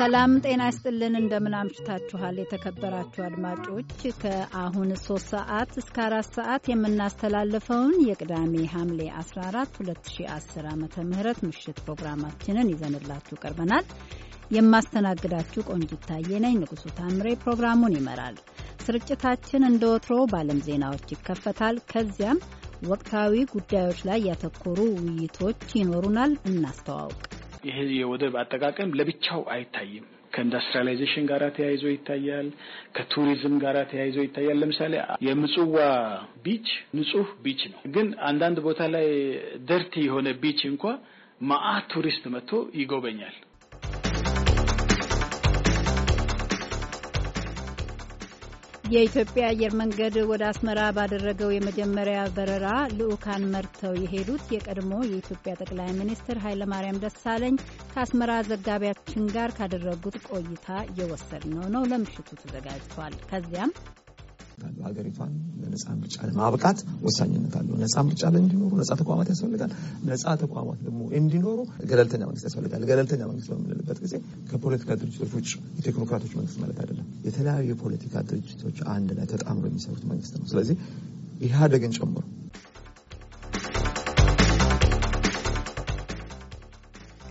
ሰላም ጤና ይስጥልን። እንደምን አምሽታችኋል? የተከበራችሁ አድማጮች ከአሁን ሶስት ሰዓት እስከ አራት ሰዓት የምናስተላልፈውን የቅዳሜ ሐምሌ 14 2010 ዓ ም ምሽት ፕሮግራማችንን ይዘንላችሁ ቀርበናል። የማስተናግዳችሁ ቆንጂት ታዬ ነኝ። ንጉሱ ታምሬ ፕሮግራሙን ይመራል። ስርጭታችን እንደ ወትሮ በዓለም ዜናዎች ይከፈታል። ከዚያም ወቅታዊ ጉዳዮች ላይ ያተኮሩ ውይይቶች ይኖሩናል። እናስተዋውቅ ይሄ የወደብ አጠቃቀም ለብቻው አይታይም። ከኢንዱስትሪላይዜሽን ጋር ተያይዞ ይታያል። ከቱሪዝም ጋር ተያይዞ ይታያል። ለምሳሌ የምጽዋ ቢች ንጹህ ቢች ነው፣ ግን አንዳንድ ቦታ ላይ ደርቲ የሆነ ቢች እንኳ ማአት ቱሪስት መጥቶ ይጎበኛል። የኢትዮጵያ አየር መንገድ ወደ አስመራ ባደረገው የመጀመሪያ በረራ ልዑካን መርተው የሄዱት የቀድሞ የኢትዮጵያ ጠቅላይ ሚኒስትር ኃይለማርያም ደሳለኝ ከአስመራ ዘጋቢያችን ጋር ካደረጉት ቆይታ እየወሰድነው ነው። ለምሽቱ ተዘጋጅቷል። ከዚያም ያስፈልጋሉ። ሀገሪቷን ለነጻ ምርጫ ለማብቃት ወሳኝነት አለው። ነጻ ምርጫ ላይ እንዲኖሩ ነጻ ተቋማት ያስፈልጋል። ነጻ ተቋማት ደግሞ እንዲኖሩ ገለልተኛ መንግስት ያስፈልጋል። ገለልተኛ መንግስት በምንልበት ጊዜ ከፖለቲካ ድርጅቶች ውጭ የቴክኖክራቶች መንግስት ማለት አይደለም። የተለያዩ የፖለቲካ ድርጅቶች አንድ ላይ ተጣምሮ የሚሰሩት መንግስት ነው። ስለዚህ ኢህአዴግን ጨምሮ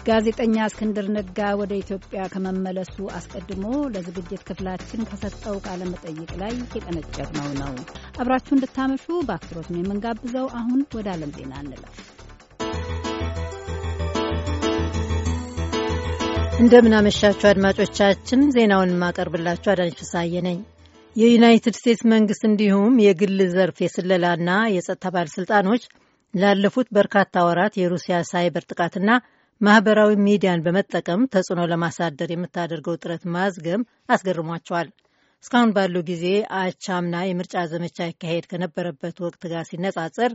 ጋዜጠኛ እስክንድር ነጋ ወደ ኢትዮጵያ ከመመለሱ አስቀድሞ ለዝግጅት ክፍላችን ከሰጠው ቃለ መጠይቅ ላይ የቀነጨብነው ነው። አብራችሁ እንድታመሹ በአክብሮት ነው የምንጋብዘው። አሁን ወደ ዓለም ዜና እንለፍ። እንደምናመሻችሁ አድማጮቻችን፣ ዜናውን የማቀርብላችሁ አዳኝ ፍሳዬ ነኝ። የዩናይትድ ስቴትስ መንግስት እንዲሁም የግል ዘርፍ የስለላና የጸጥታ ባለሥልጣኖች ላለፉት በርካታ ወራት የሩሲያ ሳይበር ጥቃትና ማህበራዊ ሚዲያን በመጠቀም ተጽዕኖ ለማሳደር የምታደርገው ጥረት ማዝገም አስገርሟቸዋል። እስካሁን ባለው ጊዜ አቻምና የምርጫ ዘመቻ ይካሄድ ከነበረበት ወቅት ጋር ሲነጻጸር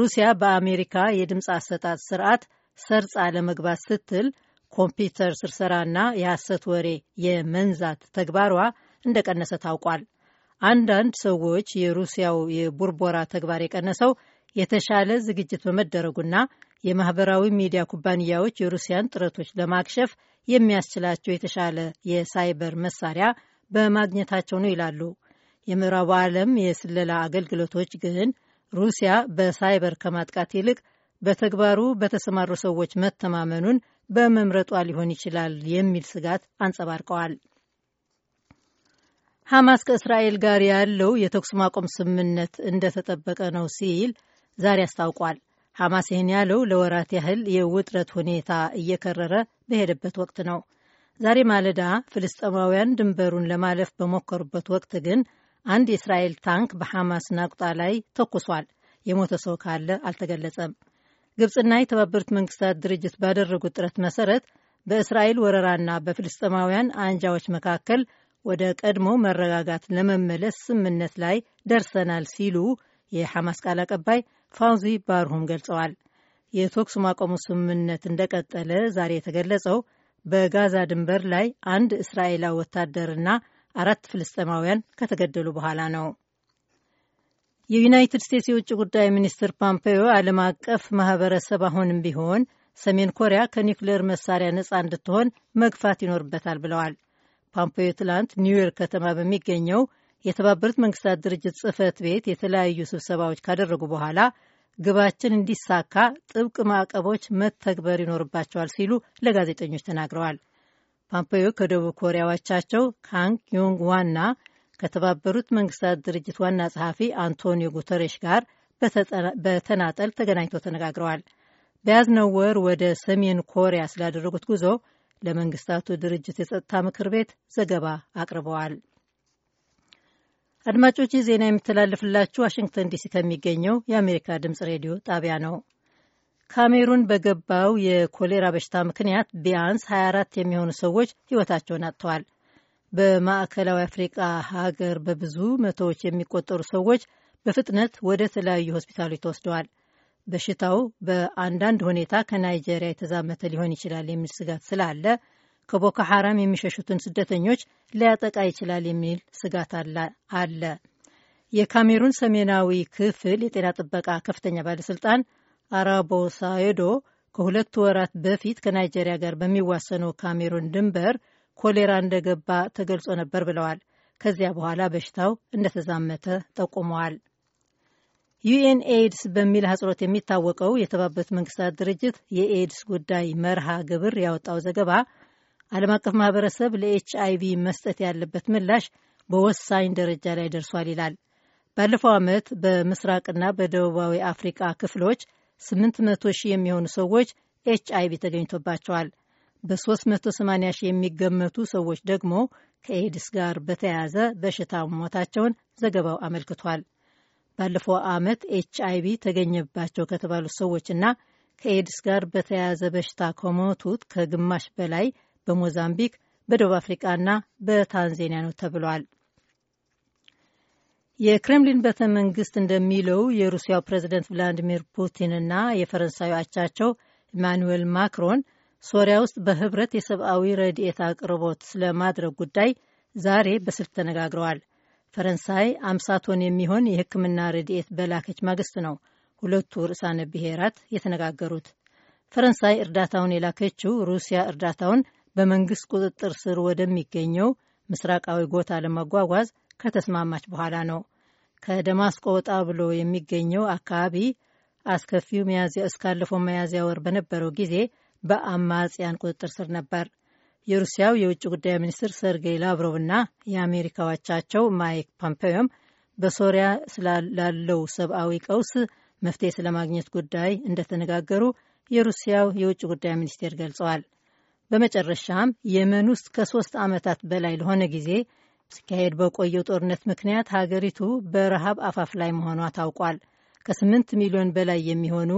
ሩሲያ በአሜሪካ የድምፅ አሰጣጥ ስርዓት ሰርጻ ለመግባት ስትል ኮምፒውተር ስርሰራና የሐሰት ወሬ የመንዛት ተግባሯ እንደቀነሰ ታውቋል። አንዳንድ ሰዎች የሩሲያው የቡርቦራ ተግባር የቀነሰው የተሻለ ዝግጅት በመደረጉና የማህበራዊ ሚዲያ ኩባንያዎች የሩሲያን ጥረቶች ለማክሸፍ የሚያስችላቸው የተሻለ የሳይበር መሳሪያ በማግኘታቸው ነው ይላሉ። የምዕራቡ ዓለም የስለላ አገልግሎቶች ግን ሩሲያ በሳይበር ከማጥቃት ይልቅ በተግባሩ በተሰማሩ ሰዎች መተማመኑን በመምረጧ ሊሆን ይችላል የሚል ስጋት አንጸባርቀዋል። ሐማስ ከእስራኤል ጋር ያለው የተኩስ ማቆም ስምምነት እንደተጠበቀ ነው ሲል ዛሬ አስታውቋል። ሐማስ ይህን ያለው ለወራት ያህል የውጥረት ሁኔታ እየከረረ በሄደበት ወቅት ነው። ዛሬ ማለዳ ፍልስጤማውያን ድንበሩን ለማለፍ በሞከሩበት ወቅት ግን አንድ የእስራኤል ታንክ በሐማስ ናቁጣ ላይ ተኩሷል። የሞተ ሰው ካለ አልተገለጸም። ግብፅና የተባበሩት መንግስታት ድርጅት ባደረጉት ጥረት መሰረት በእስራኤል ወረራና በፍልስጤማውያን አንጃዎች መካከል ወደ ቀድሞ መረጋጋት ለመመለስ ስምምነት ላይ ደርሰናል ሲሉ የሐማስ ቃል አቀባይ ፋውዚ ባርሁም ገልጸዋል። የተኩስ ማቆሙ ስምምነት እንደቀጠለ ዛሬ የተገለጸው በጋዛ ድንበር ላይ አንድ እስራኤላዊ ወታደርና አራት ፍልስጤማውያን ከተገደሉ በኋላ ነው። የዩናይትድ ስቴትስ የውጭ ጉዳይ ሚኒስትር ፖምፔዮ ዓለም አቀፍ ማህበረሰብ አሁንም ቢሆን ሰሜን ኮሪያ ከኒውክሌር መሳሪያ ነጻ እንድትሆን መግፋት ይኖርበታል ብለዋል። ፖምፔዮ ትላንት ኒውዮርክ ከተማ በሚገኘው የተባበሩት መንግስታት ድርጅት ጽህፈት ቤት የተለያዩ ስብሰባዎች ካደረጉ በኋላ ግባችን እንዲሳካ ጥብቅ ማዕቀቦች መተግበር ይኖርባቸዋል ሲሉ ለጋዜጠኞች ተናግረዋል። ፓምፖዮ ከደቡብ ኮሪያ አቻቸው ካንግ ዮንግ ዋና ከተባበሩት መንግስታት ድርጅት ዋና ጸሐፊ አንቶኒዮ ጉተሬሽ ጋር በተናጠል ተገናኝተው ተነጋግረዋል። በያዝነው ወር ወደ ሰሜን ኮሪያ ስላደረጉት ጉዞ ለመንግስታቱ ድርጅት የጸጥታ ምክር ቤት ዘገባ አቅርበዋል። አድማጮች ዜና የሚተላለፍላችሁ ዋሽንግተን ዲሲ ከሚገኘው የአሜሪካ ድምጽ ሬዲዮ ጣቢያ ነው። ካሜሩን በገባው የኮሌራ በሽታ ምክንያት ቢያንስ 24 የሚሆኑ ሰዎች ሕይወታቸውን አጥተዋል። በማዕከላዊ አፍሪቃ ሀገር በብዙ መቶዎች የሚቆጠሩ ሰዎች በፍጥነት ወደ ተለያዩ ሆስፒታሎች ተወስደዋል። በሽታው በአንዳንድ ሁኔታ ከናይጄሪያ የተዛመተ ሊሆን ይችላል የሚል ስጋት ስላለ ከቦኮ ሐራም የሚሸሹትን ስደተኞች ሊያጠቃ ይችላል የሚል ስጋት አለ። የካሜሩን ሰሜናዊ ክፍል የጤና ጥበቃ ከፍተኛ ባለሥልጣን አራቦ ሳዮዶ ከሁለት ወራት በፊት ከናይጄሪያ ጋር በሚዋሰነው ካሜሩን ድንበር ኮሌራ እንደገባ ተገልጾ ነበር ብለዋል። ከዚያ በኋላ በሽታው እንደተዛመተ ጠቁመዋል። ዩኤን ኤድስ በሚል አጽሮት የሚታወቀው የተባበሩት መንግስታት ድርጅት የኤድስ ጉዳይ መርሃ ግብር ያወጣው ዘገባ ዓለም አቀፍ ማህበረሰብ ለኤች አይ ቪ መስጠት ያለበት ምላሽ በወሳኝ ደረጃ ላይ ደርሷል ይላል። ባለፈው ዓመት በምስራቅና በደቡባዊ አፍሪቃ ክፍሎች 800 ሺህ የሚሆኑ ሰዎች ኤች ቪ ተገኝቶባቸዋል። በ380 ሺህ የሚገመቱ ሰዎች ደግሞ ከኤድስ ጋር በተያያዘ በሽታ መሞታቸውን ዘገባው አመልክቷል። ባለፈው ዓመት ኤች አይ ቪ ተገኘባቸው ከተባሉት ሰዎችና ከኤድስ ጋር በተያያዘ በሽታ ከሞቱት ከግማሽ በላይ በሞዛምቢክ፣ በደቡብ አፍሪቃና በታንዜኒያ ነው ተብሏል። የክሬምሊን ቤተ መንግስት እንደሚለው የሩሲያው ፕሬዚደንት ቭላዲሚር ፑቲንና የፈረንሳዩ አቻቸው ኢማኑዌል ማክሮን ሶሪያ ውስጥ በህብረት የሰብአዊ ረድኤት አቅርቦት ስለማድረግ ጉዳይ ዛሬ በስልክ ተነጋግረዋል። ፈረንሳይ አምሳ ቶን የሚሆን የሕክምና ረድኤት በላከች ማግስት ነው ሁለቱ ርዕሳነ ብሔራት የተነጋገሩት። ፈረንሳይ እርዳታውን የላከችው ሩሲያ እርዳታውን በመንግስት ቁጥጥር ስር ወደሚገኘው ምስራቃዊ ጎታ ለመጓጓዝ ከተስማማች በኋላ ነው። ከደማስቆ ወጣ ብሎ የሚገኘው አካባቢ አስከፊው ሚያዝያ እስካለፈው ሚያዝያ ወር በነበረው ጊዜ በአማጽያን ቁጥጥር ስር ነበር። የሩሲያው የውጭ ጉዳይ ሚኒስትር ሰርጌይ ላቭሮቭ እና የአሜሪካ አቻቸው ማይክ ፖምፔዮም በሶሪያ ስላለው ሰብአዊ ቀውስ መፍትሄ ስለማግኘት ጉዳይ እንደተነጋገሩ የሩሲያው የውጭ ጉዳይ ሚኒስቴር ገልጸዋል። በመጨረሻም የመን ውስጥ ከሶስት ዓመታት በላይ ለሆነ ጊዜ ሲካሄድ በቆየው ጦርነት ምክንያት ሀገሪቱ በረሃብ አፋፍ ላይ መሆኗ ታውቋል። ከስምንት ሚሊዮን በላይ የሚሆኑ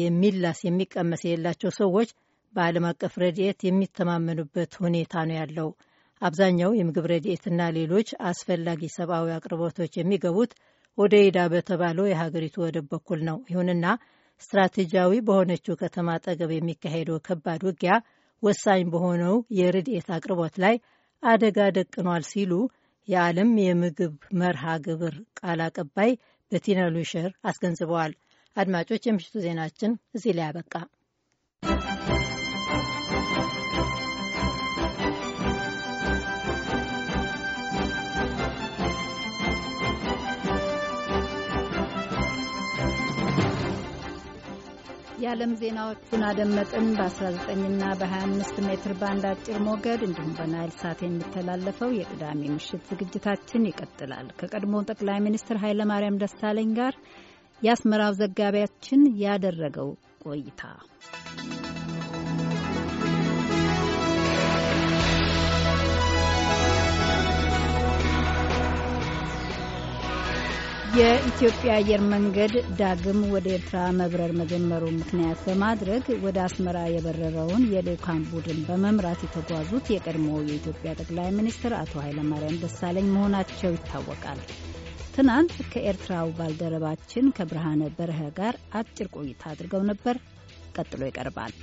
የሚላስ የሚቀመስ የሌላቸው ሰዎች በዓለም አቀፍ ረድኤት የሚተማመኑበት ሁኔታ ነው ያለው። አብዛኛው የምግብ ረድኤትና ሌሎች አስፈላጊ ሰብአዊ አቅርቦቶች የሚገቡት ወደ ይዳ በተባለው የሀገሪቱ ወደብ በኩል ነው። ይሁንና ስትራቴጂያዊ በሆነችው ከተማ አጠገብ የሚካሄደው ከባድ ውጊያ ወሳኝ በሆነው የርድኤት አቅርቦት ላይ አደጋ ደቅኗል ሲሉ የዓለም የምግብ መርሃ ግብር ቃል አቀባይ በቲና ሉሸር አስገንዝበዋል። አድማጮች፣ የምሽቱ ዜናችን እዚህ ላይ አበቃ። የዓለም ዜናዎቹን አደመጥን። በ19ና በ25 ሜትር ባንድ አጭር ሞገድ እንዲሁም በናይል ሳት የሚተላለፈው የቅዳሜ ምሽት ዝግጅታችን ይቀጥላል። ከቀድሞ ጠቅላይ ሚኒስትር ኃይለማርያም ደሳለኝ ጋር የአስመራው ዘጋቢያችን ያደረገው ቆይታ የኢትዮጵያ አየር መንገድ ዳግም ወደ ኤርትራ መብረር መጀመሩ ምክንያት በማድረግ ወደ አስመራ የበረረውን የልኡካን ቡድን በመምራት የተጓዙት የቀድሞ የኢትዮጵያ ጠቅላይ ሚኒስትር አቶ ኃይለማርያም ደሳለኝ መሆናቸው ይታወቃል። ትናንት ከኤርትራው ባልደረባችን ከብርሃነ በረሀ ጋር አጭር ቆይታ አድርገው ነበር። ቀጥሎ ይቀርባል።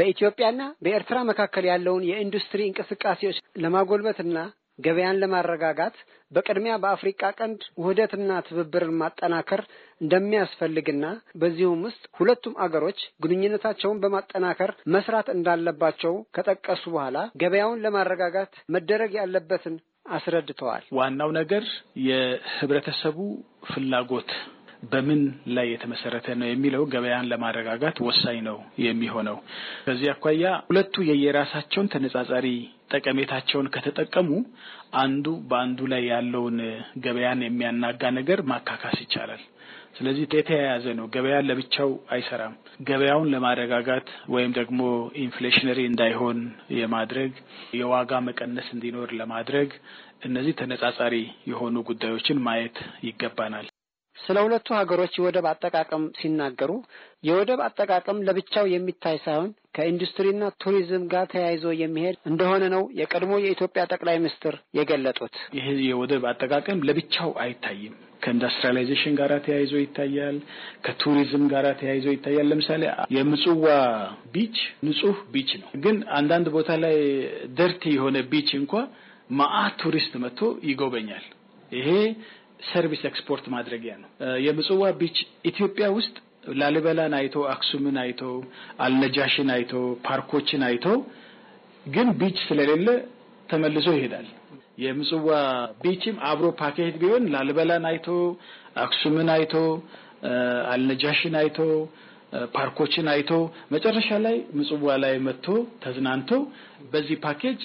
በኢትዮጵያና በኤርትራ መካከል ያለውን የኢንዱስትሪ እንቅስቃሴዎች ለማጎልበትና ገበያን ለማረጋጋት በቅድሚያ በአፍሪቃ ቀንድ ውህደትና ትብብርን ማጠናከር እንደሚያስፈልግና በዚሁም ውስጥ ሁለቱም አገሮች ግንኙነታቸውን በማጠናከር መስራት እንዳለባቸው ከጠቀሱ በኋላ ገበያውን ለማረጋጋት መደረግ ያለበትን አስረድተዋል። ዋናው ነገር የህብረተሰቡ ፍላጎት በምን ላይ የተመሰረተ ነው የሚለው ገበያን ለማረጋጋት ወሳኝ ነው የሚሆነው። ከዚህ አኳያ ሁለቱ የየራሳቸውን ተነጻጻሪ ጠቀሜታቸውን ከተጠቀሙ አንዱ በአንዱ ላይ ያለውን ገበያን የሚያናጋ ነገር ማካካስ ይቻላል። ስለዚህ የተያያዘ ነው። ገበያን ለብቻው አይሰራም። ገበያውን ለማረጋጋት ወይም ደግሞ ኢንፍሌሽነሪ እንዳይሆን የማድረግ የዋጋ መቀነስ እንዲኖር ለማድረግ እነዚህ ተነጻጻሪ የሆኑ ጉዳዮችን ማየት ይገባናል። ስለ ሁለቱ ሀገሮች የወደብ አጠቃቀም ሲናገሩ የወደብ አጠቃቀም ለብቻው የሚታይ ሳይሆን ከኢንዱስትሪና ቱሪዝም ጋር ተያይዞ የሚሄድ እንደሆነ ነው የቀድሞ የኢትዮጵያ ጠቅላይ ሚኒስትር የገለጡት። ይህ የወደብ አጠቃቀም ለብቻው አይታይም። ከኢንዱስትሪላይዜሽን ጋር ተያይዞ ይታያል። ከቱሪዝም ጋር ተያይዞ ይታያል። ለምሳሌ የምጽዋ ቢች ንጹህ ቢች ነው፣ ግን አንዳንድ ቦታ ላይ ደርቲ የሆነ ቢች እንኳ ማአት ቱሪስት መጥቶ ይጎበኛል። ይሄ ሰርቪስ ኤክስፖርት ማድረጊያ ነው። የምጽዋ ቢች ኢትዮጵያ ውስጥ ላሊበላን አይቶ አክሱምን አይቶ አልነጃሽን አይቶ ፓርኮችን አይቶ ግን ቢች ስለሌለ ተመልሶ ይሄዳል። የምጽዋ ቢችም አብሮ ፓኬጅ ቢሆን ላሊበላን አይቶ አክሱምን አይቶ አልነጃሽን አይቶ ፓርኮችን አይቶ መጨረሻ ላይ ምጽዋ ላይ መጥቶ ተዝናንቶ በዚህ ፓኬጅ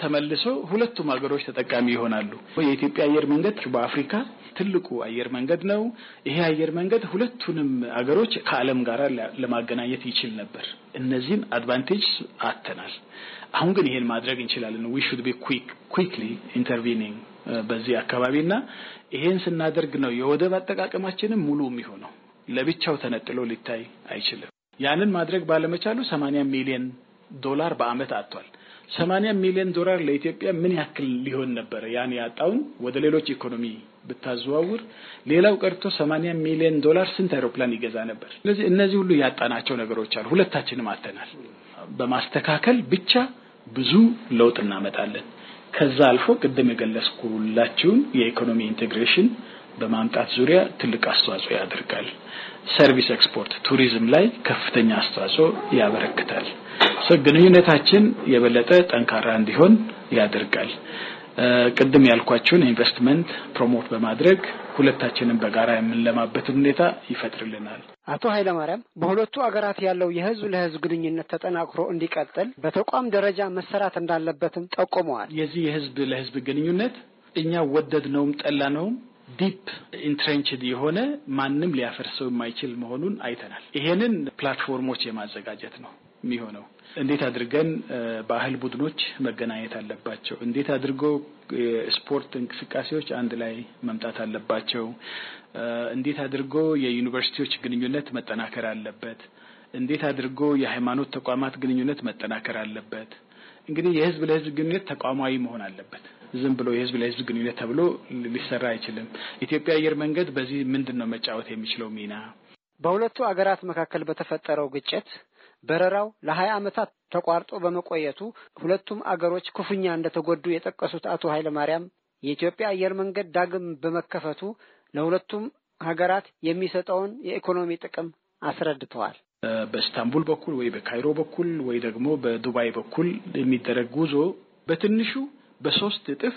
ተመልሶ ሁለቱም ሀገሮች ተጠቃሚ ይሆናሉ። የኢትዮጵያ አየር መንገድ በአፍሪካ ትልቁ አየር መንገድ ነው። ይሄ አየር መንገድ ሁለቱንም አገሮች ከዓለም ጋር ለማገናኘት ይችል ነበር። እነዚህን አድቫንቴጅ አተናል። አሁን ግን ይሄን ማድረግ እንችላለን። ዊ ሹድ ቢ ኩዊክ ኢንተርቪኒንግ በዚህ አካባቢ እና ይሄን ስናደርግ ነው የወደብ አጠቃቀማችንም ሙሉ የሚሆነው። ለብቻው ተነጥሎ ሊታይ አይችልም። ያንን ማድረግ ባለመቻሉ 80 ሚሊዮን ዶላር በአመት አጥቷል። ሰማንያ ሚሊዮን ዶላር ለኢትዮጵያ ምን ያክል ሊሆን ነበር ያን ያጣውን ወደ ሌሎች ኢኮኖሚ ብታዘዋውር፣ ሌላው ቀርቶ ሰማንያ ሚሊዮን ዶላር ስንት አይሮፕላን ይገዛ ነበር? ስለዚህ እነዚህ ሁሉ ያጣናቸው ነገሮች አሉ። ሁለታችንም አተናል። በማስተካከል ብቻ ብዙ ለውጥ እናመጣለን። ከዛ አልፎ ቅድም የገለጽኩላችሁን የኢኮኖሚ ኢንቴግሬሽን በማምጣት ዙሪያ ትልቅ አስተዋጽኦ ያደርጋል። ሰርቪስ ኤክስፖርት ቱሪዝም ላይ ከፍተኛ አስተዋጽኦ ያበረክታል። ግንኙነታችን የበለጠ ጠንካራ እንዲሆን ያደርጋል። ቅድም ያልኳችሁን ኢንቨስትመንት ፕሮሞት በማድረግ ሁለታችንን በጋራ የምንለማበትን ሁኔታ ይፈጥርልናል። አቶ ኃይለማርያም በሁለቱ አገራት ያለው የህዝብ ለህዝብ ግንኙነት ተጠናክሮ እንዲቀጥል በተቋም ደረጃ መሰራት እንዳለበትም ጠቁመዋል። የዚህ የህዝብ ለህዝብ ግንኙነት እኛ ወደድ ነውም ጠላ ነውም ዲፕ ኢንትሬንችድ የሆነ ማንም ሊያፈርሰው የማይችል መሆኑን አይተናል። ይሄንን ፕላትፎርሞች የማዘጋጀት ነው የሚሆነው። እንዴት አድርገን ባህል ቡድኖች መገናኘት አለባቸው? እንዴት አድርጎ የስፖርት እንቅስቃሴዎች አንድ ላይ መምጣት አለባቸው? እንዴት አድርጎ የዩኒቨርሲቲዎች ግንኙነት መጠናከር አለበት? እንዴት አድርጎ የሃይማኖት ተቋማት ግንኙነት መጠናከር አለበት? እንግዲህ የህዝብ ለህዝብ ግንኙነት ተቋማዊ መሆን አለበት። ዝም ብሎ የህዝብ ለህዝብ ግንኙነት ተብሎ ሊሰራ አይችልም። ኢትዮጵያ አየር መንገድ በዚህ ምንድን ነው መጫወት የሚችለው ሚና? በሁለቱ አገራት መካከል በተፈጠረው ግጭት በረራው ለሀያ ዓመታት ተቋርጦ በመቆየቱ ሁለቱም አገሮች ክፉኛ እንደተጎዱ የጠቀሱት አቶ ኃይለማርያም የኢትዮጵያ አየር መንገድ ዳግም በመከፈቱ ለሁለቱም ሀገራት የሚሰጠውን የኢኮኖሚ ጥቅም አስረድተዋል። በኢስታንቡል በኩል ወይ በካይሮ በኩል ወይ ደግሞ በዱባይ በኩል የሚደረግ ጉዞ በትንሹ በሶስት እጥፍ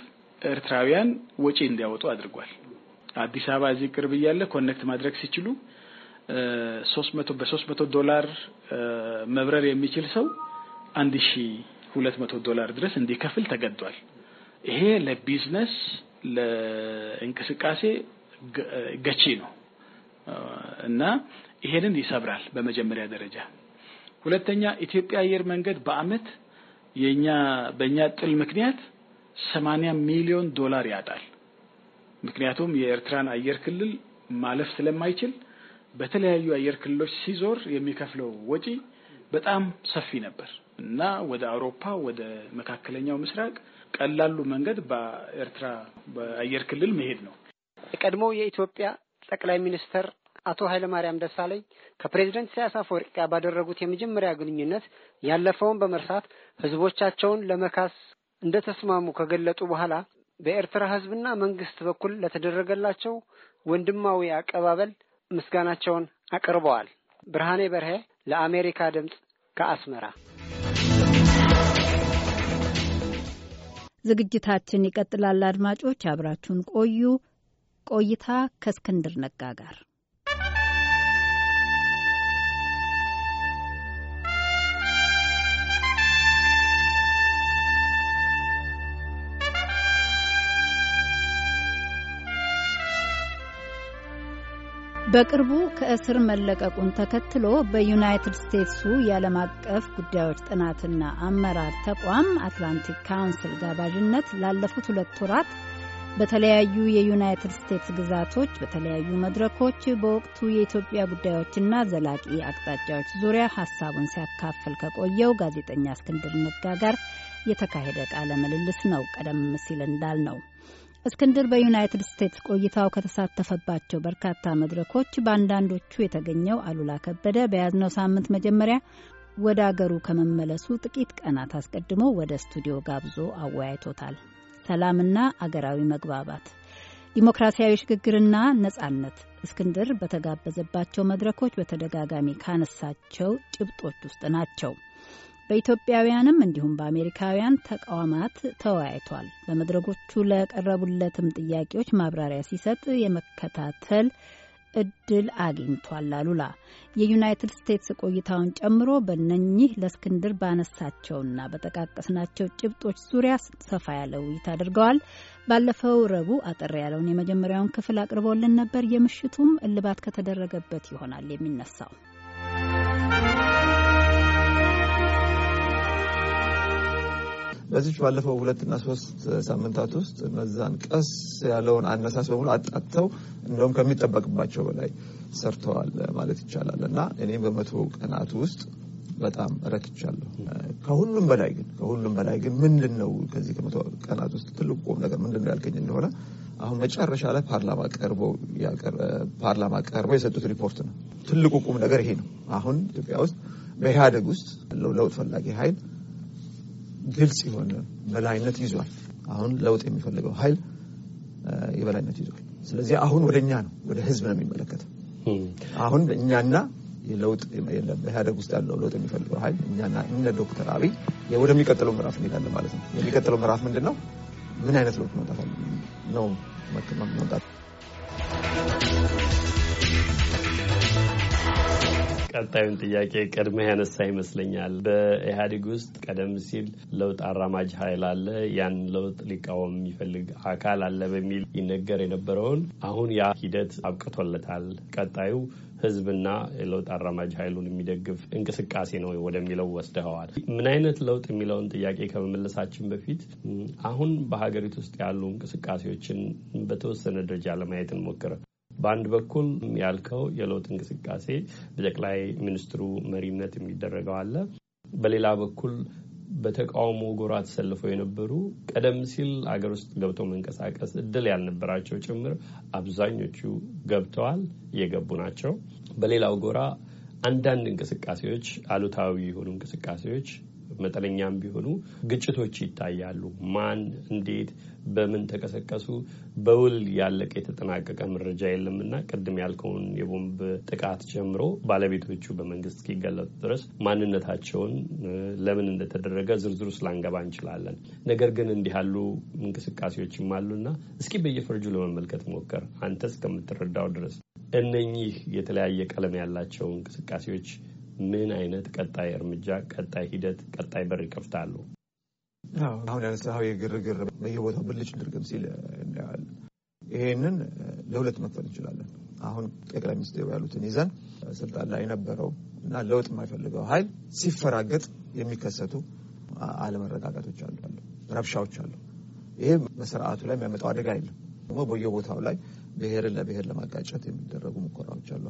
ኤርትራውያን ወጪ እንዲያወጡ አድርጓል። አዲስ አበባ እዚህ ቅርብ እያለ ኮኔክት ማድረግ ሲችሉ ሶስት መቶ በሶስት መቶ ዶላር መብረር የሚችል ሰው አንድ ሺ ሁለት መቶ ዶላር ድረስ እንዲከፍል ተገዷል። ይሄ ለቢዝነስ ለእንቅስቃሴ ገቺ ነው እና ይሄንን ይሰብራል በመጀመሪያ ደረጃ። ሁለተኛ ኢትዮጵያ አየር መንገድ በአመት የኛ በእኛ ጥል ምክንያት ሰማንያ ሚሊዮን ዶላር ያጣል። ምክንያቱም የኤርትራን አየር ክልል ማለፍ ስለማይችል በተለያዩ አየር ክልሎች ሲዞር የሚከፍለው ወጪ በጣም ሰፊ ነበር እና ወደ አውሮፓ ወደ መካከለኛው ምስራቅ ቀላሉ መንገድ በኤርትራ በአየር ክልል መሄድ ነው። የቀድሞ የኢትዮጵያ ጠቅላይ ሚኒስትር አቶ ኃይለማርያም ደሳለኝ ከፕሬዚደንት ኢሳያስ አፈወርቂ ጋር ባደረጉት የመጀመሪያ ግንኙነት ያለፈውን በመርሳት ህዝቦቻቸውን ለመካስ እንደ ተስማሙ ከገለጡ በኋላ በኤርትራ ህዝብና መንግስት በኩል ለተደረገላቸው ወንድማዊ አቀባበል ምስጋናቸውን አቅርበዋል። ብርሃኔ በርሄ ለአሜሪካ ድምፅ ከአስመራ። ዝግጅታችን ይቀጥላል። አድማጮች አብራችሁን ቆዩ። ቆይታ ከእስክንድር ነጋ ጋር በቅርቡ ከእስር መለቀቁን ተከትሎ በዩናይትድ ስቴትሱ የዓለም አቀፍ ጉዳዮች ጥናትና አመራር ተቋም አትላንቲክ ካውንስል ጋባዥነት ላለፉት ሁለት ወራት በተለያዩ የዩናይትድ ስቴትስ ግዛቶች በተለያዩ መድረኮች በወቅቱ የኢትዮጵያ ጉዳዮችና ዘላቂ አቅጣጫዎች ዙሪያ ሀሳቡን ሲያካፍል ከቆየው ጋዜጠኛ እስክንድር ነጋ ጋር የተካሄደ ቃለ ምልልስ ነው። ቀደም ሲል እንዳልነው እስክንድር በዩናይትድ ስቴትስ ቆይታው ከተሳተፈባቸው በርካታ መድረኮች በአንዳንዶቹ የተገኘው አሉላ ከበደ በያዝነው ሳምንት መጀመሪያ ወደ አገሩ ከመመለሱ ጥቂት ቀናት አስቀድሞ ወደ ስቱዲዮ ጋብዞ አወያይቶታል። ሰላምና አገራዊ መግባባት፣ ዲሞክራሲያዊ ሽግግርና ነጻነት እስክንድር በተጋበዘባቸው መድረኮች በተደጋጋሚ ካነሳቸው ጭብጦች ውስጥ ናቸው። በኢትዮጵያውያንም እንዲሁም በአሜሪካውያን ተቋማት ተወያይቷል። በመድረጎቹ ለቀረቡለትም ጥያቄዎች ማብራሪያ ሲሰጥ የመከታተል እድል አግኝቷል። አሉላ የዩናይትድ ስቴትስ ቆይታውን ጨምሮ በነኚህ ለእስክንድር ባነሳቸውና በጠቃቀስናቸው ጭብጦች ዙሪያ ሰፋ ያለ ውይይት አድርገዋል። ባለፈው ረቡዕ አጠር ያለውን የመጀመሪያውን ክፍል አቅርበውልን ነበር። የምሽቱም እልባት ከተደረገበት ይሆናል የሚነሳው። በዚች ባለፈው ሁለትና ሶስት ሳምንታት ውስጥ እነዛን ቀስ ያለውን አነሳስ በሙሉ አጣጥተው እንደውም ከሚጠበቅባቸው በላይ ሰርተዋል ማለት ይቻላል እና እኔም በመቶ ቀናት ውስጥ በጣም ረክቻለሁ። ከሁሉም በላይ ግን ከሁሉም በላይ ግን ምንድን ነው ከዚህ ከመቶ ቀናት ውስጥ ትልቁ ቁም ነገር ምንድን ነው ያልገኝ እንደሆነ አሁን መጨረሻ ላይ ፓርላማ ቀርበው ፓርላማ ቀርበው የሰጡት ሪፖርት ነው። ትልቁ ቁም ነገር ይሄ ነው። አሁን ኢትዮጵያ ውስጥ በኢህአደግ ውስጥ ያለው ለውጥ ፈላጊ ኃይል ግልጽ የሆነ በላይነት ይዟል። አሁን ለውጥ የሚፈልገው ኃይል የበላይነት ይዟል። ስለዚህ አሁን ወደ እኛ ነው፣ ወደ ህዝብ ነው የሚመለከተው። አሁን እኛና የለውጥ በኢህአደግ ውስጥ ያለው ለውጥ የሚፈልገው ኃይል እኛና እነ ዶክተር አብይ ወደሚቀጥለው ምዕራፍ እንሄዳለን ማለት ነው። የሚቀጥለው ምዕራፍ ምንድን ነው? ምን አይነት ለውጥ መውጣት ነው መምጣት ቀጣዩን ጥያቄ ቅድመ ያነሳ ይመስለኛል። በኢህአዴግ ውስጥ ቀደም ሲል ለውጥ አራማጅ ኃይል አለ፣ ያን ለውጥ ሊቃወም የሚፈልግ አካል አለ በሚል ይነገር የነበረውን አሁን ያ ሂደት አብቅቶለታል፣ ቀጣዩ ህዝብና ለውጥ አራማጅ ኃይሉን የሚደግፍ እንቅስቃሴ ነው ወደሚለው ወስደኸዋል። ምን አይነት ለውጥ የሚለውን ጥያቄ ከመመለሳችን በፊት አሁን በሀገሪቱ ውስጥ ያሉ እንቅስቃሴዎችን በተወሰነ ደረጃ ለማየት እንሞክረ በአንድ በኩል ያልከው የለውጥ እንቅስቃሴ በጠቅላይ ሚኒስትሩ መሪነት የሚደረገው አለ። በሌላ በኩል በተቃውሞ ጎራ ተሰልፈው የነበሩ ቀደም ሲል አገር ውስጥ ገብተው መንቀሳቀስ እድል ያልነበራቸው ጭምር አብዛኞቹ ገብተዋል፣ እየገቡ ናቸው። በሌላው ጎራ አንዳንድ እንቅስቃሴዎች፣ አሉታዊ የሆኑ እንቅስቃሴዎች መጠነኛም ቢሆኑ ግጭቶች ይታያሉ። ማን እንዴት በምን ተቀሰቀሱ በውል ያለቀ የተጠናቀቀ መረጃ የለምና ቅድም ያልከውን የቦምብ ጥቃት ጀምሮ ባለቤቶቹ በመንግስት እስኪገለጡ ድረስ ማንነታቸውን ለምን እንደተደረገ ዝርዝሩ ስላንገባ እንችላለን። ነገር ግን እንዲህ ያሉ እንቅስቃሴዎችም አሉና እስኪ በየፈርጁ ለመመልከት ሞከር አንተ እስከምትረዳው ድረስ እነኚህ የተለያየ ቀለም ያላቸው እንቅስቃሴዎች ምን አይነት ቀጣይ እርምጃ፣ ቀጣይ ሂደት፣ ቀጣይ በር ይከፍታሉ? አሁን ያነሳኸው የግርግር በየቦታው ብልጭ ድርግም ሲል እናያለን። ይሄንን ለሁለት መክፈል እንችላለን። አሁን ጠቅላይ ሚኒስትሩ ያሉትን ይዘን ስልጣን ላይ የነበረው እና ለውጥ የማይፈልገው ኃይል ሲፈራገጥ የሚከሰቱ አለመረጋጋቶች አሉ፣ ረብሻዎች አሉ። ይሄ በስርዓቱ ላይ የሚያመጣው አደጋ የለም ደግሞ በየቦታው ላይ ብሔርን ለብሔር ለማጋጨት የሚደረጉ ሙከራዎች አሉ።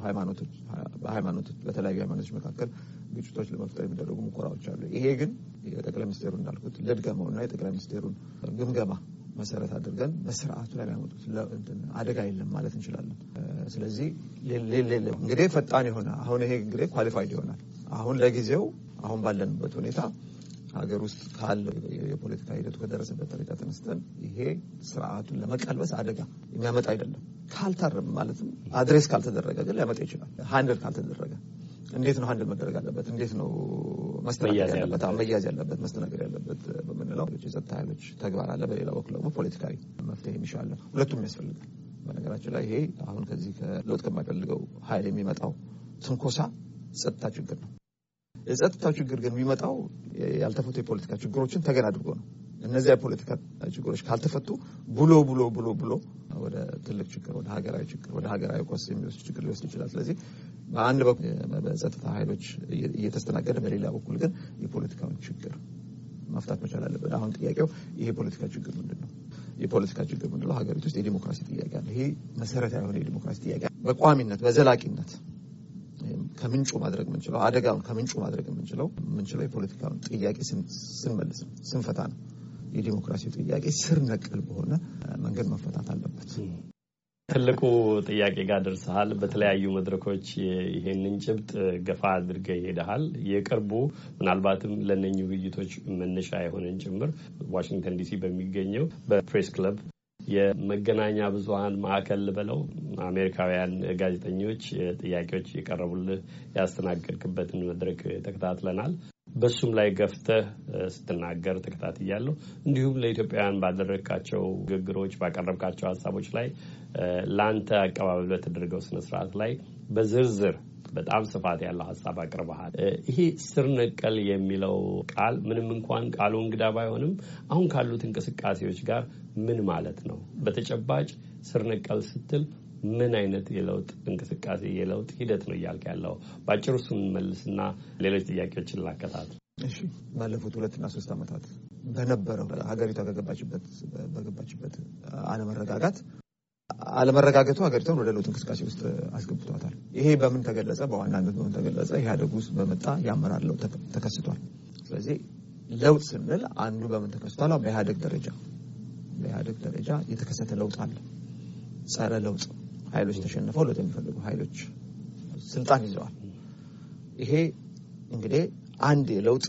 በሃይማኖቶች በተለያዩ ሃይማኖቶች መካከል ግጭቶች ለመፍጠር የሚደረጉ ሙከራዎች አሉ። ይሄ ግን የጠቅላይ ሚኒስቴሩ እንዳልኩት ልድገመውና የጠቅላይ ሚኒስቴሩን ግምገማ መሰረት አድርገን በስርዓቱ ላይ ያመጡት አደጋ የለም ማለት እንችላለን። ስለዚህ እንግዲህ ፈጣን የሆነ አሁን ይሄ እንግዲህ ኳሊፋይድ ይሆናል። አሁን ለጊዜው አሁን ባለንበት ሁኔታ ሀገር ውስጥ ካለው የፖለቲካ ሂደቱ ከደረሰበት ሁኔታ ተነስተን ይሄ ስርዓቱን ለመቀልበስ አደጋ የሚያመጣ አይደለም። ካልታረም ማለትም አድሬስ ካልተደረገ ግን ሊያመጣ ይችላል። ሃንድል ካልተደረገ እንዴት ነው ሃንድል መደረግ አለበት? እንዴት ነው መስተናገድ ያለበት? መያዝ ያለበት መስተናገድ ያለበት በምንለው የጸጥታ ኃይሎች ተግባር አለ። በሌላ በኩል ደግሞ ፖለቲካዊ መፍትሄ የሚሻለ ሁለቱም ያስፈልጋል። በነገራችን ላይ ይሄ አሁን ከዚህ ከለውጥ ከማይፈልገው ኃይል የሚመጣው ትንኮሳ ጸጥታ ችግር ነው። የጸጥታው ችግር ግን የሚመጣው ያልተፈቱ የፖለቲካ ችግሮችን ተገን አድርጎ ነው። እነዚያ የፖለቲካ ችግሮች ካልተፈቱ ብሎ ብሎ ብሎ ብሎ ወደ ትልቅ ችግር፣ ወደ ሀገራዊ ችግር፣ ወደ ሀገራዊ ቆስ የሚወስድ ችግር ሊወስድ ይችላል። ስለዚህ በአንድ በኩል በጸጥታ ኃይሎች እየተስተናገደ፣ በሌላ በኩል ግን የፖለቲካውን ችግር መፍታት መቻል አለብን። አሁን ጥያቄው ይሄ የፖለቲካ ችግር ምንድን ነው? የፖለቲካ ችግር ምንድን ነው? ሀገሪቱ ውስጥ የዲሞክራሲ ጥያቄ አለ። ይሄ መሰረታዊ የሆነ የዲሞክራሲ ጥያቄ በቋሚነት በዘላቂነት ከምንጩ ማድረግ የምንችለው አደጋውን ከምንጩ ማድረግ የምንችለው የፖለቲካውን ጥያቄ ስንመልስ ስንፈታ ነው። የዲሞክራሲ ጥያቄ ስር ነቀል በሆነ መንገድ መፈታት አለበት። ትልቁ ጥያቄ ጋር ደርሰሃል። በተለያዩ መድረኮች ይሄንን ጭብጥ ገፋ አድርገህ ይሄድሃል። የቅርቡ ምናልባትም ለነኙ ውይይቶች መነሻ የሆነን ጭምር ዋሽንግተን ዲሲ በሚገኘው በፕሬስ ክለብ የመገናኛ ብዙኃን ማዕከል በለው አሜሪካውያን ጋዜጠኞች ጥያቄዎች የቀረቡልህ ያስተናገድክበትን መድረክ ተከታትለናል። በሱም ላይ ገፍተህ ስትናገር ተከታትያለሁ። እንዲሁም ለኢትዮጵያውያን ባደረግካቸው ንግግሮች፣ ባቀረብካቸው ሀሳቦች ላይ ለአንተ አቀባበል በተደረገው ስነስርዓት ላይ በዝርዝር በጣም ስፋት ያለው ሀሳብ አቅርበሃል። ይሄ ስር ነቀል የሚለው ቃል ምንም እንኳን ቃሉ እንግዳ ባይሆንም አሁን ካሉት እንቅስቃሴዎች ጋር ምን ማለት ነው? በተጨባጭ ስር ነቀል ስትል ምን አይነት የለውጥ እንቅስቃሴ የለውጥ ሂደት ነው እያልክ ያለው? በአጭሩ እሱን መልስና ሌሎች ጥያቄዎችን ላከታት። እሺ ባለፉት ሁለትና ሶስት ዓመታት በነበረው ሀገሪቷ በገባችበት አለመረጋጋት አለመረጋገቱ ሀገሪቷን ወደ ለውጥ እንቅስቃሴ ውስጥ አስገብቷታል። ይሄ በምን ተገለጸ? በዋናነት በምን ተገለጸ? ኢህአዴግ ውስጥ በመጣ የአመራር ለውጥ ተከስቷል። ስለዚህ ለውጥ ስንል አንዱ በምን ተከስቷል? በኢህአደግ ደረጃ በኢህአደግ ደረጃ የተከሰተ ለውጥ አለ። ጸረ ለውጥ ኃይሎች ተሸንፈው ለውጥ የሚፈልጉ ኃይሎች ስልጣን ይዘዋል። ይሄ እንግዲህ አንድ የለውጥ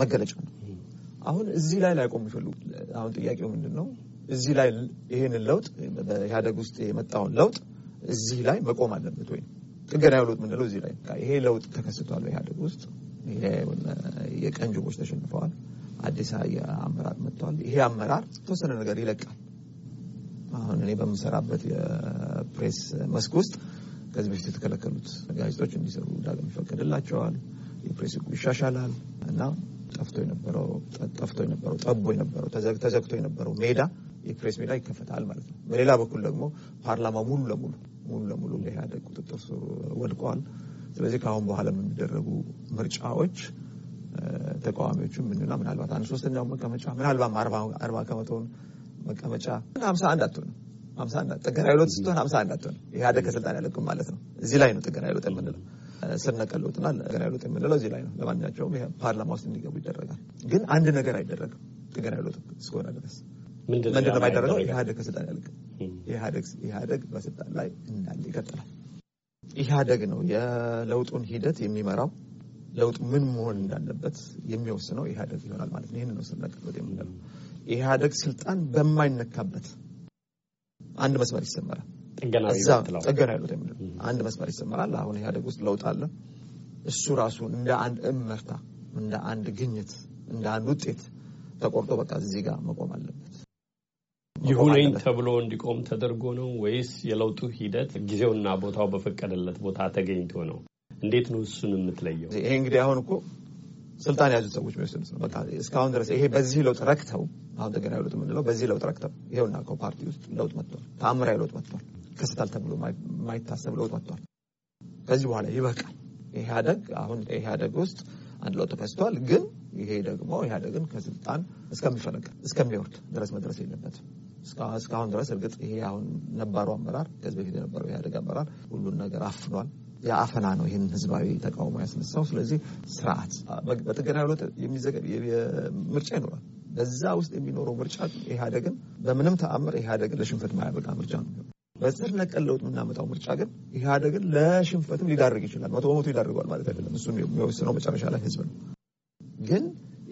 መገለጫ ነው። አሁን እዚህ ላይ ላይቆም የሚፈልጉ አሁን ጥያቄው ምንድን ነው? እዚህ ላይ ይህንን ለውጥ በኢህአደግ ውስጥ የመጣውን ለውጥ እዚህ ላይ መቆም አለበት ወይም ጥገናዊ ለውጥ ምንለው እዚህ ላይ ይሄ ለውጥ ተከስቷል በኢህአደግ ውስጥ የቀንጆቦች ተሸንፈዋል። አዲስ አበባ አመራር መጥተዋል። ይሄ አመራር የተወሰነ ነገር ይለቃል አሁን እኔ በምሰራበት የፕሬስ መስክ ውስጥ ከዚህ በፊት የተከለከሉት ጋዜጦች እንዲሰሩ ዳግም ይፈቀድላቸዋል። የፕሬስ ህጉ ይሻሻላል እና ጠፍቶ የነበረው ጠፍቶ የነበረው ጠቦ የነበረው ተዘግቶ የነበረው ሜዳ የፕሬስ ሜዳ ይከፈታል ማለት ነው። በሌላ በኩል ደግሞ ፓርላማ ሙሉ ለሙሉ ሙሉ ለሙሉ ለኢህአዴግ ቁጥጥር ስር ወድቀዋል። ስለዚህ ከአሁን በኋላ የሚደረጉ ምርጫዎች ተቃዋሚዎቹ ምንና ምናልባት አንድ ሶስተኛው መቀመጫ ምናልባት አርባ ከመቶውን መቀመጫ ሀምሳ አንድ አትሆንም። ሀምሳ አንድ ጥገና ይሎት ስትሆን ሀምሳ አንድ አቶ አትሆንም። ኢህአዴግ ከስልጣን ያለቅም ማለት ነው። እዚህ ላይ ነው ጥገና ይሎት የምንለው ስር ለውጥና ጥገና ኃይሎት የምንለው እዚህ ላይ ነው። ለማንኛቸውም ፓርላማ ውስጥ እንዲገቡ ይደረጋል። ግን አንድ ነገር አይደረግም። ጥገና ይሎት እስከሆነ ድረስ ምንድን ነው የማይደረገው? ኢህአዴግ ከስልጣን ያለቅም። ኢህአዴግ በስልጣን ላይ እንዳለ ይቀጥላል። ኢህአዴግ ነው የለውጡን ሂደት የሚመራው። ለውጥ ምን መሆን እንዳለበት የሚወስነው ኢህአዴግ ይሆናል ማለት ነው። ይህንን ነው ስር የምንለው። የኢህአደግ ስልጣን በማይነካበት አንድ መስመር ይሰመራል። ጥገና ይሉት የሚለው አንድ መስመር ይሰመራል። አሁን ኢህአደግ ውስጥ ለውጥ አለ። እሱ ራሱ እንደ አንድ እመርታ፣ እንደ አንድ ግኝት፣ እንደ አንድ ውጤት ተቆርጦ በቃ እዚህ ጋር መቆም አለበት። ይሁነኝ ተብሎ እንዲቆም ተደርጎ ነው ወይስ የለውጡ ሂደት ጊዜውና ቦታው በፈቀደለት ቦታ ተገኝቶ ነው? እንዴት ነው እሱን የምትለየው? ይሄ እንግዲህ አሁን እኮ ስልጣን የያዙት ሰዎች የሚወስኑት ነው። በቃ እስካሁን ድረስ ይሄ በዚህ ለውጥ ረክተው አሁን ተገና ያሉት የምንለው በዚህ ለውጥ ረክተው ይሄውና እኮ ፓርቲ ውስጥ ለውጥ መጥቷል። ተአምራዊ ለውጥ መጥቷል። ይከሰታል ተብሎ የማይታሰብ ለውጥ መጥቷል። ከዚህ በኋላ ይበቃል። ኢህአደግ አሁን ኢህአደግ ውስጥ አንድ ለውጥ ፈስቷል። ግን ይሄ ደግሞ ኢህአደግን ከስልጣን እስከሚፈነቅል እስከሚወርድ ድረስ መድረስ የለበትም። እስካሁን ድረስ እርግጥ ይሄ አሁን ነባሩ አመራር ከዚህ በፊት የነበረው ኢህአደግ አመራር ሁሉን ነገር አፍኗል። የአፈና ነው ይህን ህዝባዊ ተቃውሞ ያስነሳው። ስለዚህ ስርዓት በጥገና ለውጥ ምርጫ ይኖራል። በዛ ውስጥ የሚኖረው ምርጫ ኢህአደግን በምንም ተአምር ኢህአደግን ለሽንፈት ማያበቃ ምርጫ ነው። በስር ነቀል ለውጥ የምናመጣው ምርጫ ግን ኢህአደግን ለሽንፈትም ሊዳርግ ይችላል። መቶ በመቶ ይዳርገዋል ማለት አይደለም። እሱ የሚወስነው መጨረሻ ላይ ህዝብ ነው። ግን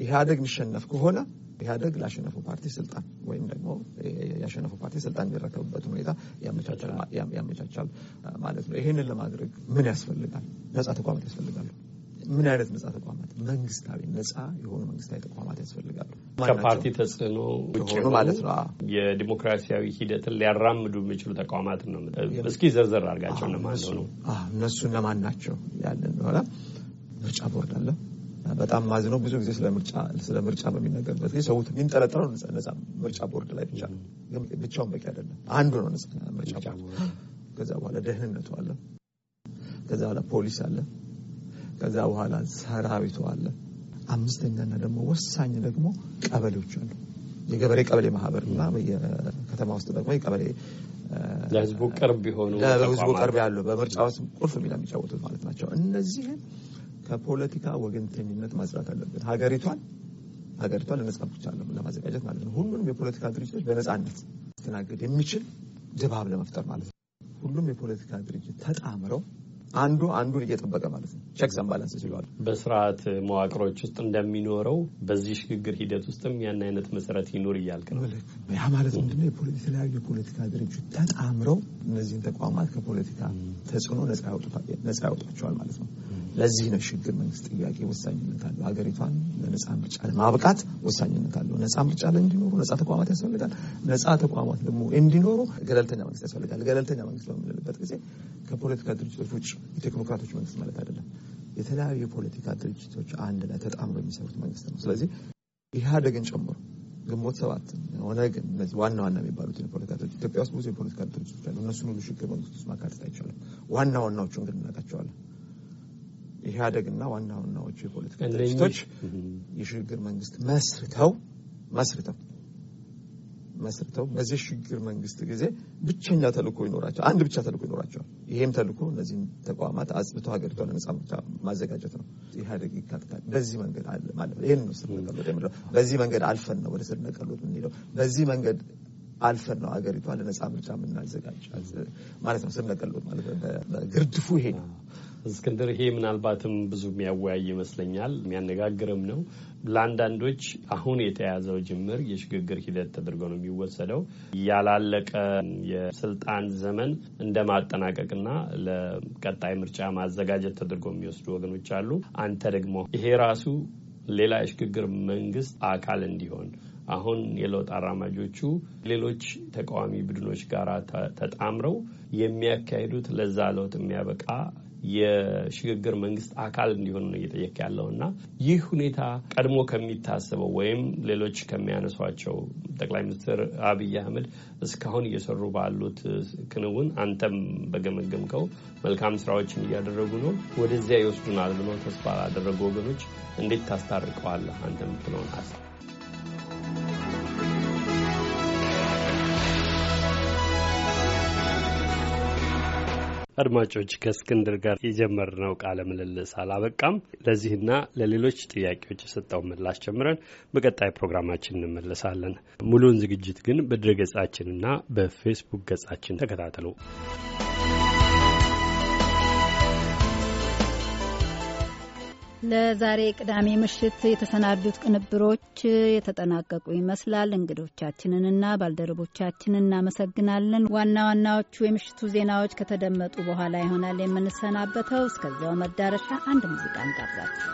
ኢህአደግ የሚሸነፍ ከሆነ ኢህአደግ ላሸነፈው ፓርቲ ስልጣን ወይም ደግሞ ያሸነፈው ፓርቲ ስልጣን የሚረከብበትን ሁኔታ ያመቻቻል ማለት ነው። ይህንን ለማድረግ ምን ያስፈልጋል? ነጻ ተቋማት ያስፈልጋሉ። ምን አይነት ነጻ ተቋማት? መንግስታዊ ነጻ የሆኑ መንግስታዊ ተቋማት ያስፈልጋሉ። ከፓርቲ ተጽዕኖ ውጭ ማለት ነው። የዲሞክራሲያዊ ሂደትን ሊያራምዱ የሚችሉ ተቋማት ነው። እስኪ ዘርዘር አድርጋቸው እነማን ነው? እነሱ እነማን ናቸው? ያለን ሆነ ምርጫ ቦርድ አለ በጣም ማዝነው ብዙ ጊዜ ስለ ምርጫ በሚነገርበት ጊዜ ሰው የሚንጠለጠለው ነፃ ምርጫ ቦርድ ላይ ብቻ ብቻውን በቂ አይደለም። አንዱ ነው ነፃ ምርጫ ቦርድ። ከዛ በኋላ ደህንነቱ አለ፣ ከዛ በኋላ ፖሊስ አለ፣ ከዛ በኋላ ሰራዊቱ አለ። አምስተኛና ደግሞ ወሳኝ ደግሞ ቀበሌዎች አሉ። የገበሬ ቀበሌ ማህበር እና በየከተማ ውስጥ ደግሞ የቀበሌ ለህዝቡ ቅርብ የሆኑ ለህዝቡ ቅርብ ያሉ በምርጫ ውስጥ ቁልፍ ሚና የሚጫወቱት ማለት ናቸው። እነዚህን ከፖለቲካ ወገንተኝነት ማጽዳት አለብን። ሀገሪቷን ሀገሪቷን ለነጻ ብቻ ለማዘጋጀት ማለት ነው። ሁሉንም የፖለቲካ ድርጅቶች በነጻነት ተናገድ የሚችል ድባብ ለመፍጠር ማለት ነው። ሁሉም የፖለቲካ ድርጅት ተጣምረው አንዱ አንዱን እየጠበቀ ማለት ነው። ቼክስ ኤንድ ባላንስ ይለዋል። በስርዓት መዋቅሮች ውስጥ እንደሚኖረው በዚህ ሽግግር ሂደት ውስጥም ያን አይነት መሰረት ይኖር እያልክ ነው። ያ ማለት ምንድነው? የተለያዩ የፖለቲካ ድርጅት ተጣምረው እነዚህን ተቋማት ከፖለቲካ ተጽዕኖ ነጻ ያወጣቸዋል ማለት ነው። ለዚህ ነው የሽግግር መንግስት ጥያቄ ወሳኝነት አለው። ሀገሪቷን ለነጻ ምርጫ ለማብቃት ወሳኝነት አለው። ነጻ ምርጫ ላይ እንዲኖሩ ነጻ ተቋማት ያስፈልጋል። ነጻ ተቋማት ደግሞ እንዲኖሩ ገለልተኛ መንግስት ያስፈልጋል። ገለልተኛ መንግስት በምንልበት ጊዜ ከፖለቲካ ድርጅቶች ውጭ የቴክኖክራቶች መንግስት ማለት አይደለም። የተለያዩ የፖለቲካ ድርጅቶች አንድ ላይ ተጣምሮ የሚሰሩት መንግስት ነው። ስለዚህ ኢህአደግን ጨምሮ ግንቦት ሰባት ሆነ ግን እነዚህ ዋና ዋና የሚባሉት የፖለቲካ ድርጅቶች ኢትዮጵያ ውስጥ ብዙ የፖለቲካ ድርጅቶች አሉ። እነሱን ሁሉ ሽግግር መንግስት ውስጥ ማካተት አይቻልም። ዋና ዋናዎቹን ግን እናውቃቸዋለን። ኢህአደግና ዋና ዋናዎቹ የፖለቲካ ድርጅቶች የሽግግር መንግስት መስርተው መስርተው መስርተው በዚህ ሽግግር መንግስት ጊዜ ብቸኛ ተልእኮ ይኖራቸዋል። አንድ ብቻ ተልእኮ ይኖራቸዋል። ይሄም ተልእኮ እነዚህም ተቋማት አጽብቶ ሀገሪቷን ነጻ ብቻ ማዘጋጀት ነው። ኢህአዴግ ይካትታል። በዚህ መንገድ አለ ማለት ይሄን ነው ስርነቀሎት ነቀሎት በዚህ መንገድ አልፈን ነው ወደ ስርነቀሎት ነቀሎት የምንሄደው። በዚህ መንገድ አልፈን ነው ሀገሪቷ ለነጻ ምርጫ የምናዘጋጅ ማለት ነው። ስር ነቀሎት ማለት በግርድፉ ይሄ ነው። እስክንድር፣ ይሄ ምናልባትም ብዙ የሚያወያይ ይመስለኛል፣ የሚያነጋግርም ነው። ለአንዳንዶች አሁን የተያዘው ጅምር የሽግግር ሂደት ተደርጎ ነው የሚወሰደው። ያላለቀ የስልጣን ዘመን እንደ ማጠናቀቅና ለቀጣይ ምርጫ ማዘጋጀት ተደርጎ የሚወስዱ ወገኖች አሉ። አንተ ደግሞ ይሄ ራሱ ሌላ የሽግግር መንግስት አካል እንዲሆን አሁን የለውጥ አራማጆቹ ሌሎች ተቃዋሚ ቡድኖች ጋር ተጣምረው የሚያካሂዱት ለዛ ለውጥ የሚያበቃ የሽግግር መንግስት አካል እንዲሆኑ ነው እየጠየቅ ያለው እና ይህ ሁኔታ ቀድሞ ከሚታሰበው ወይም ሌሎች ከሚያነሷቸው ጠቅላይ ሚኒስትር አብይ አህመድ እስካሁን እየሰሩ ባሉት ክንውን አንተም በገመገምከው መልካም ስራዎችን እያደረጉ ነው ወደዚያ ይወስዱናል ብሎ ተስፋ ላደረጉ ወገኖች እንዴት ታስታርቀዋለህ አንተ የምትለውን ሀሳብ አድማጮች ከእስክንድር ጋር የጀመርነው ቃለ ምልልስ አላበቃም። ለዚህና ለሌሎች ጥያቄዎች የሰጠውን ምላሽ ጀምረን በቀጣይ ፕሮግራማችን እንመለሳለን። ሙሉውን ዝግጅት ግን በድረ ገጻችንና በፌስቡክ ገጻችን ተከታተሉ። ለዛሬ ቅዳሜ ምሽት የተሰናዱት ቅንብሮች የተጠናቀቁ ይመስላል። እንግዶቻችንንና ባልደረቦቻችንን እናመሰግናለን። ዋና ዋናዎቹ የምሽቱ ዜናዎች ከተደመጡ በኋላ ይሆናል የምንሰናበተው። እስከዚያው መዳረሻ አንድ ሙዚቃ እንጋብዛችሁ።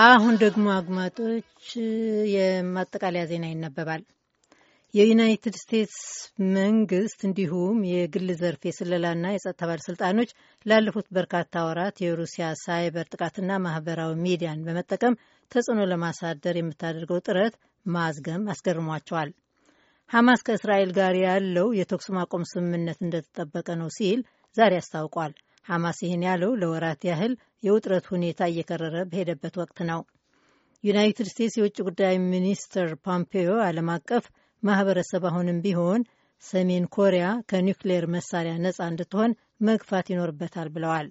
አሁን ደግሞ አግማጮች የማጠቃለያ ዜና ይነበባል። የዩናይትድ ስቴትስ መንግስት እንዲሁም የግል ዘርፍ የስለላና የጸጥታ ባለስልጣኖች ላለፉት በርካታ ወራት የሩሲያ ሳይበር ጥቃትና ማህበራዊ ሚዲያን በመጠቀም ተጽዕኖ ለማሳደር የምታደርገው ጥረት ማዝገም አስገርሟቸዋል። ሐማስ ከእስራኤል ጋር ያለው የተኩስ ማቆም ስምምነት እንደተጠበቀ ነው ሲል ዛሬ አስታውቋል። ሐማስ ይህን ያለው ለወራት ያህል የውጥረት ሁኔታ እየከረረ በሄደበት ወቅት ነው። ዩናይትድ ስቴትስ የውጭ ጉዳይ ሚኒስትር ፖምፔዮ ዓለም አቀፍ ማህበረሰብ አሁንም ቢሆን ሰሜን ኮሪያ ከኒውክሌር መሳሪያ ነጻ እንድትሆን መግፋት ይኖርበታል ብለዋል።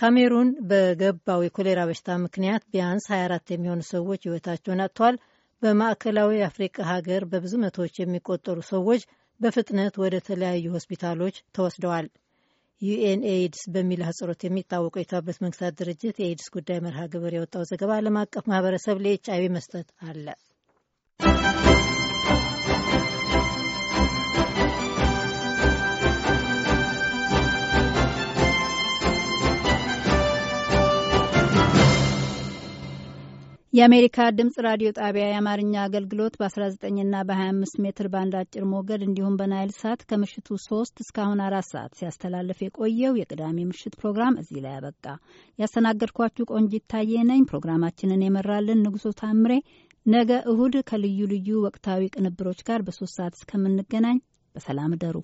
ካሜሩን በገባው የኮሌራ በሽታ ምክንያት ቢያንስ 24 የሚሆኑ ሰዎች ህይወታቸውን አጥተዋል። በማዕከላዊ አፍሪቃ ሀገር በብዙ መቶዎች የሚቆጠሩ ሰዎች በፍጥነት ወደ ተለያዩ ሆስፒታሎች ተወስደዋል። ዩኤን ኤድስ በሚል አህጽሮት የሚታወቀው የተባበሩት መንግስታት ድርጅት የኤድስ ጉዳይ መርሃ ግብር የወጣው ዘገባ ዓለም አቀፍ ማህበረሰብ ለኤች አይቪ መስጠት አለ የአሜሪካ ድምጽ ራዲዮ ጣቢያ የአማርኛ አገልግሎት በ19ና በ25 ሜትር ባንድ አጭር ሞገድ እንዲሁም በናይል ሳት ከምሽቱ 3 እስካሁን አራት ሰዓት ሲያስተላልፍ የቆየው የቅዳሜ ምሽት ፕሮግራም እዚህ ላይ አበቃ። ያስተናገድኳችሁ ቆንጂት ታዬ ነኝ። ፕሮግራማችንን የመራልን ንጉሶ ታምሬ። ነገ እሁድ ከልዩ ልዩ ወቅታዊ ቅንብሮች ጋር በሶስት ሰዓት እስከምንገናኝ በሰላም እደሩ።